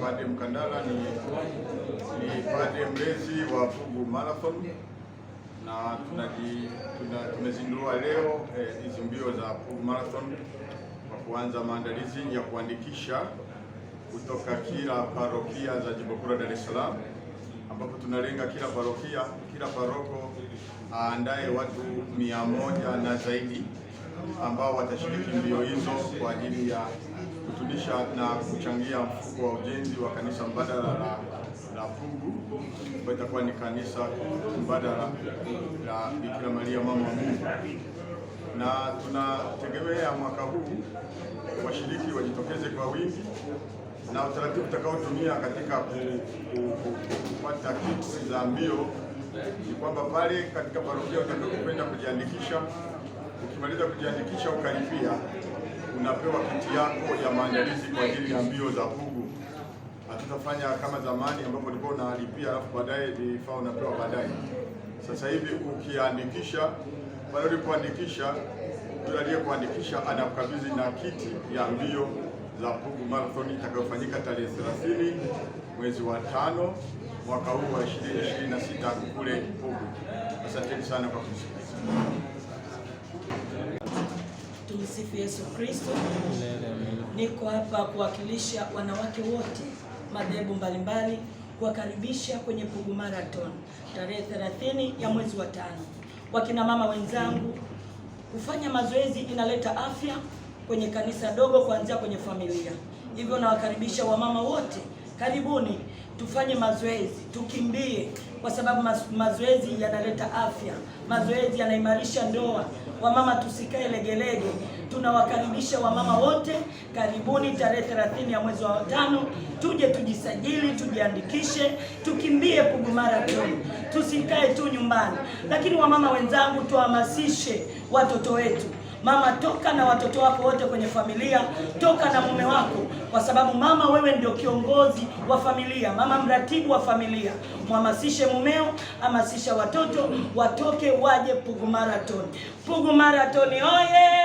Padre Mkandala ni, ni padre mlezi wa Pugu Marathon na tunaji, tuna, tumezindua leo eh, hizi eh, mbio za Pugu Marathon kwa kuanza maandalizi ya kuandikisha kutoka kila parokia za Jimbo Kuu la Dar es Salaam ambapo tunalenga kila parokia, kila paroko aandae watu mia moja na zaidi ambao watashiriki mbio hizo kwa ajili ya kuturudisha na kuchangia mfuko wa ujenzi wa kanisa mbadala la, la Pugu ambayo itakuwa ni kanisa mbadala la Bikira Maria mama Mungu, na tunategemea mwaka huu washiriki wajitokeze kwa wingi na utaratibu utakaotumia katika kupata kiti za mbio ni kwamba pale katika parokia utakapokwenda kujiandikisha, ukimaliza kujiandikisha ukalipia unapewa kiti yako ya maandalizi kwa ajili ya mbio za Pugu. Hatutafanya kama zamani ambapo ulikuwa unalipia alafu baadaye vifaa unapewa baadaye. Sasa hivi ukiandikisha, pale ulipoandikisha, yule aliyekuandikisha anakukabidhi na kiti ya mbio za Pugu Marathon itakayofanyika tarehe 30 mwezi wa tano mwaka huu wa 2026 kule Pugu. Asanteni sana kwa kusikiliza. Tumsifu Yesu Kristo. Niko hapa kuwakilisha wanawake wote madhehebu mbalimbali kuwakaribisha kwenye Pugu Marathon tarehe 30 ya mwezi wa tano. Wakina mama wenzangu, kufanya mazoezi inaleta afya kwenye kanisa dogo kuanzia kwenye familia. Hivyo nawakaribisha wamama wote karibuni tufanye mazoezi, tukimbie, kwa sababu mazoezi yanaleta afya, mazoezi yanaimarisha ndoa. Wamama tusikae legelege, tunawakaribisha wamama wote. Karibuni tarehe 30 ya mwezi wa tano, tuje tujisajili, tujiandikishe, tukimbie Pugumara tu, tusikae tu nyumbani. Lakini wamama wenzangu, tuhamasishe watoto wetu Mama, toka na watoto wako wote kwenye familia, toka na mume wako, kwa sababu mama, wewe ndio kiongozi wa familia, mama mratibu wa familia. Mhamasishe mumeo, hamasisha watoto watoke waje Pugu Marathon. Pugu Marathon oye!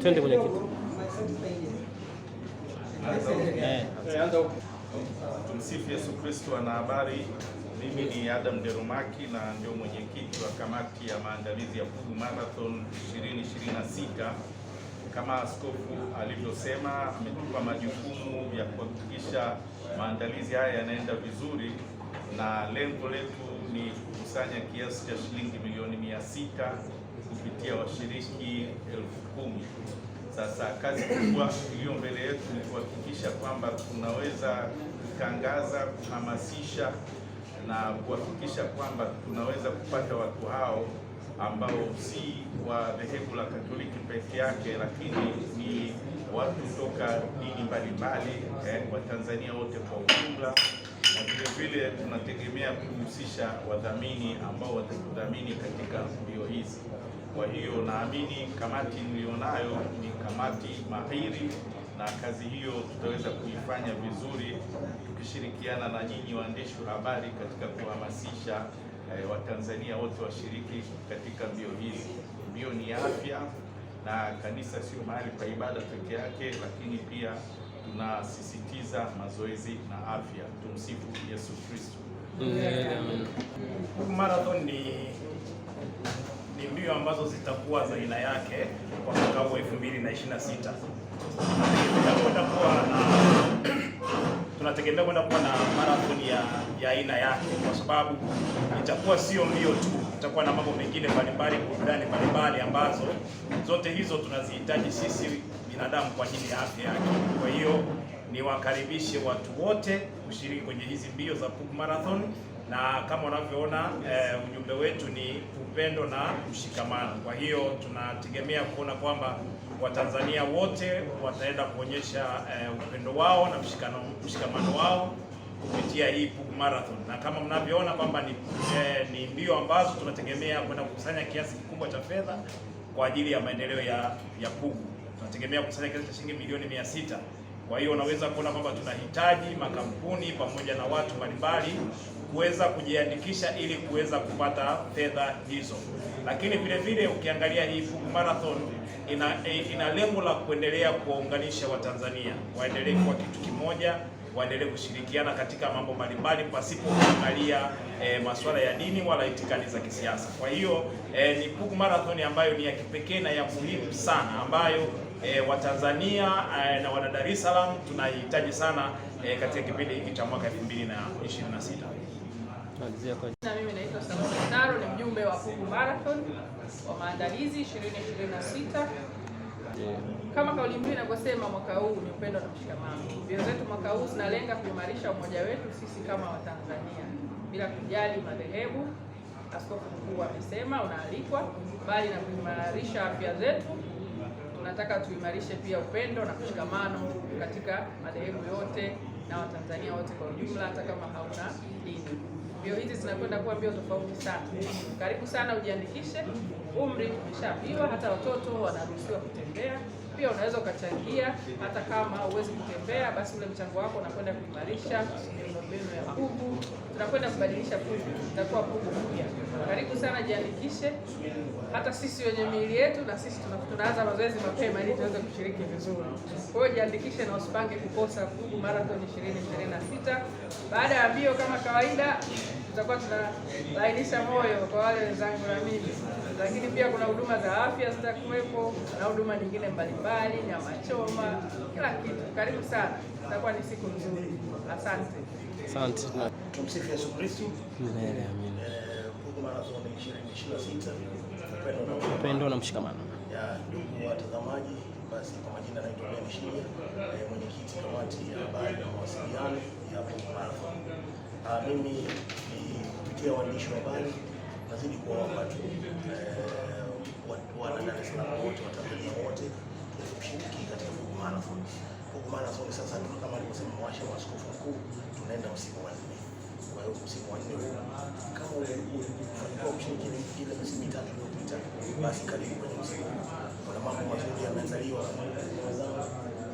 Twende kwenye kitu. Tumsifu Yesu Kristo. ana habari mimi ni Adam Derumaki na ndio mwenyekiti wa kamati ya maandalizi ya Pugu Marathon 2026. Kama askofu alivyosema, ametupa majukumu ya kuhakikisha maandalizi haya yanaenda vizuri, na lengo letu ni kukusanya kiasi cha shilingi milioni mia sita kupitia washiriki elfu kumi. Sasa kazi kubwa iliyo mbele yetu ni kuhakikisha kwamba tunaweza kutangaza, kuhamasisha na kuhakikisha kwamba tunaweza kupata watu hao ambao si wa dhehebu la Katoliki peke yake, lakini ni watu toka dini mbalimbali eh, wa Tanzania wote kwa ujumla. Vilevile tunategemea kuhusisha wadhamini ambao watakudhamini katika mbio hizi. Kwa hiyo naamini kamati nilionayo ni kamati mahiri na kazi hiyo tutaweza kuifanya vizuri tukishirikiana na nyinyi waandishi wa habari katika kuhamasisha eh, Watanzania wote washiriki katika mbio hizi. Mbio ni afya na kanisa sio mahali pa ibada peke yake, lakini pia tunasisitiza mazoezi na afya. Tumsifu Yesu Kristo. Marathon ni ni mbio ambazo zitakuwa za aina yake kwa mwaka huu 2026. Tunategemea kwenda kuwa na marathon ya aina yake kwa sababu itakuwa sio mbio tu kutakuwa na mambo mengine mbalimbali, burudani mbalimbali ambazo zote hizo tunazihitaji sisi binadamu kwa ajili ya afya yake. Kwa hiyo niwakaribishe watu wote kushiriki kwenye hizi mbio za Pugu Marathon, na kama unavyoona E, ujumbe wetu ni upendo na mshikamano. Kwa hiyo tunategemea kuona kwamba Watanzania wote wataenda kuonyesha e, upendo wao na mshikamano wao kupitia hii PUG Marathon, na kama mnavyoona kwamba ni, eh, ni mbio ambazo tunategemea kwenda kukusanya kiasi kikubwa cha fedha kwa ajili ya maendeleo ya, ya PUG. Tunategemea kukusanya kiasi cha shilingi milioni mia sita. Kwa hiyo unaweza kuona kwamba tunahitaji makampuni pamoja na watu mbalimbali kuweza kujiandikisha ili kuweza kupata fedha hizo, lakini vile vile ukiangalia hii PUG Marathon ina, eh, ina lengo la kuendelea kuwaunganisha Watanzania waendelee kuwa kitu kimoja waendelee kushirikiana katika mambo mbalimbali pasipo kuangalia e, eh, masuala ya dini wala itikadi za kisiasa. Kwa hiyo e, ni Pugu Marathon ambayo ni ya kipekee na ya muhimu sana ambayo e, Watanzania e, na wana Dar es Salaam tunahitaji sana e, katika kipindi hiki cha mwaka 2026. Na mimi naitwa Samuel Ndaro, ni mjumbe wa Pugu Marathon wa maandalizi 2026 yeah. Kama kauli mbiu inavyosema mwaka huu ni upendo na mshikamano, mbio zetu mwaka huu zinalenga kuimarisha umoja wetu sisi kama Watanzania bila kujali madhehebu, askofu mkuu amesema unaalikwa, bali na kuimarisha afya zetu tunataka tuimarishe pia upendo na mshikamano katika madhehebu yote na Watanzania wote kwa ujumla, hata kama hauna dini. Mbio hizi zinakwenda kuwa mbio tofauti sana. Karibu sana ujiandikishe umri tumeshaambiwa, hata watoto wanaruhusiwa kutembea. Pia unaweza ukachangia hata kama uwezi kutembea, basi ule mchango wako unakwenda kuimarisha miundombinu ya Pugu. Tunakwenda kubadilisha Pugu, tutakuwa Pugu mpya. Karibu sana, jiandikishe. Hata sisi wenye miili yetu na sisi tunaanza mazoezi mapema ili tuweze kushiriki vizuri. Kwa hiyo jiandikishe na usipange kukosa Pugu Marathon 2026. Baada ya mbio, kama kawaida, tutakuwa tunalainisha moyo kwa wale wenzangu na mimi, lakini pia kuna huduma za afya zitakuwepo na huduma nyingine mbalimbali mbalimbali, nyama choma, kila kitu. Karibu sana, itakuwa ni siku nzuri. Asante, asante. Tumsifu Yesu Kristo. Amen, amen. Ndugu Marathoni 2026, upendo na mshikamano. Ya Ndugu watazamaji, basi kwa majina naitwa Ben Shinya, eh, mwenyekiti kamati ya habari na mawasiliano ya Bongo Marathon. Ah, mimi ni kupitia waandishi wa habari nazidi kuwaomba tu eh, wana Dar es Salaam wote, Watanzania wote kushiriki katika Vugu Marathon. Vugu Marathon sasa ndio kama alivyosema mwasha wa askofu mkuu, tunaenda msimu wa nne. Kwa hiyo msimu wa nne huu kama ulifanikiwa kushiriki ile misimu mitatu iliyopita, basi karibu kwenye msimu kuna mambo mazuri yamezaliwa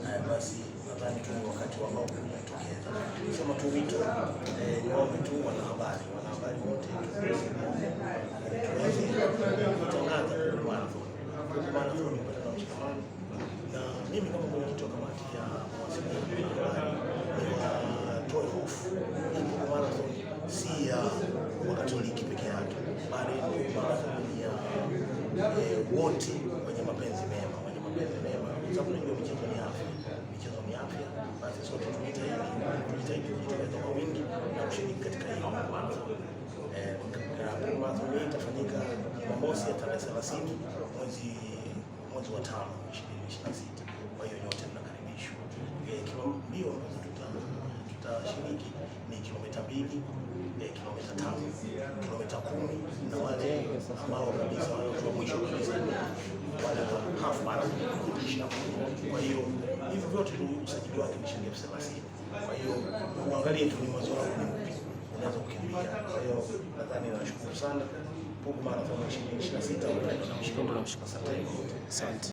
na basi nadhani tu ni wakati ambao umetokeza. Sema tu wito eh, niombe tu wanahabari, wanahabari wote tuone mimi kama mwenyekiti wa kamati ya mawasiliano eh, hofu marathon si ya Wakatoliki peke yake, bali ni marathon ya eh, wote wenye mapenzi mema, wenye mapenzi mema, kwa sababu najua michezo ni afya, michezo ni afya. Basi sote tujitahidi, tujitahidi kujitokeza kwa wingi na kushiriki katika hii marathon. Eh, marathon hii itafanyika Jumamosi ya tarehe thelathini mwezi mwezi wa tano 2026. Kwa hiyo nyote mnakaribishwa. Mbio ambazo tutashiriki ni kilomita mbili, eh, kilomita tano, kilomita kumi na wale ambao kabisa wa mwisho kabisa wale wa half marathon. Kwa hiyo hivyo vyote tu usajili wake ni shilingi elfu thelathini. Kwa hiyo uangalie tu ni mwezi wako ni upi unaweza kukimbia. Kwa hiyo nadhani nashukuru sana. Pugu Marathon 2026. Asante.